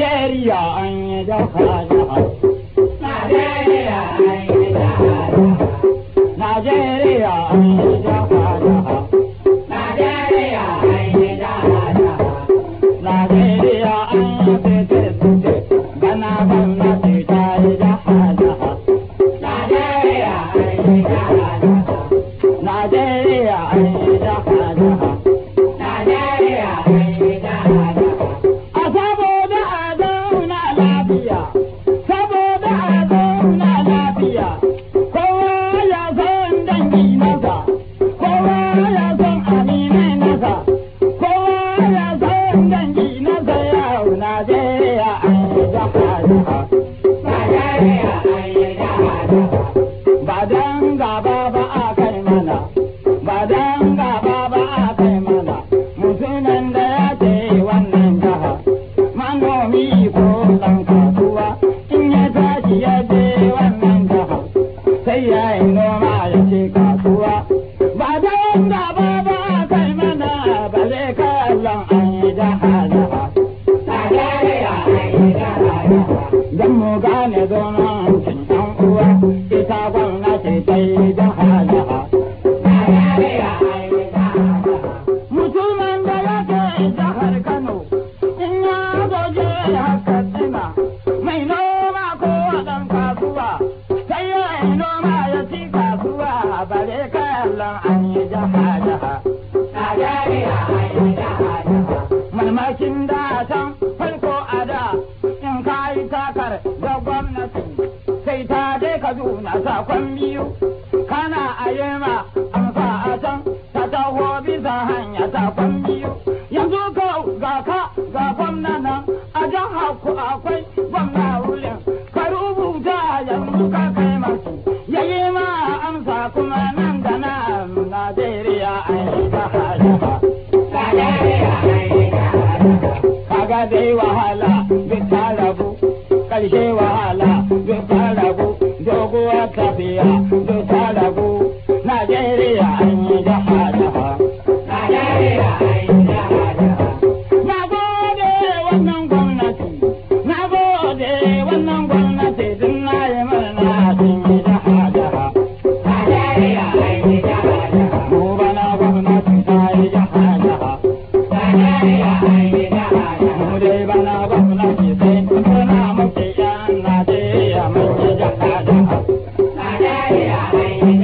Najeriya a yi dauka jihar. sai ya yi noma ya ce kasuwa ba da wanda ba ba kai mana ba zai kallon an yi da halawa don mu gane zonon cin uwa ita gwamnati ta yi noma ya ci kasuwa bare kallon an yi jaha jaha. Najeriya an yi jaha jaha. da can farko a da in ka yi takar da gwamnati sai ta je Kaduna sakon biyu. Kana a yema amsa a can ta taho bisa hanya sakon biyu. Yanzu ka ga ga gwamna a jaha ku akwai karshe wahala Amen.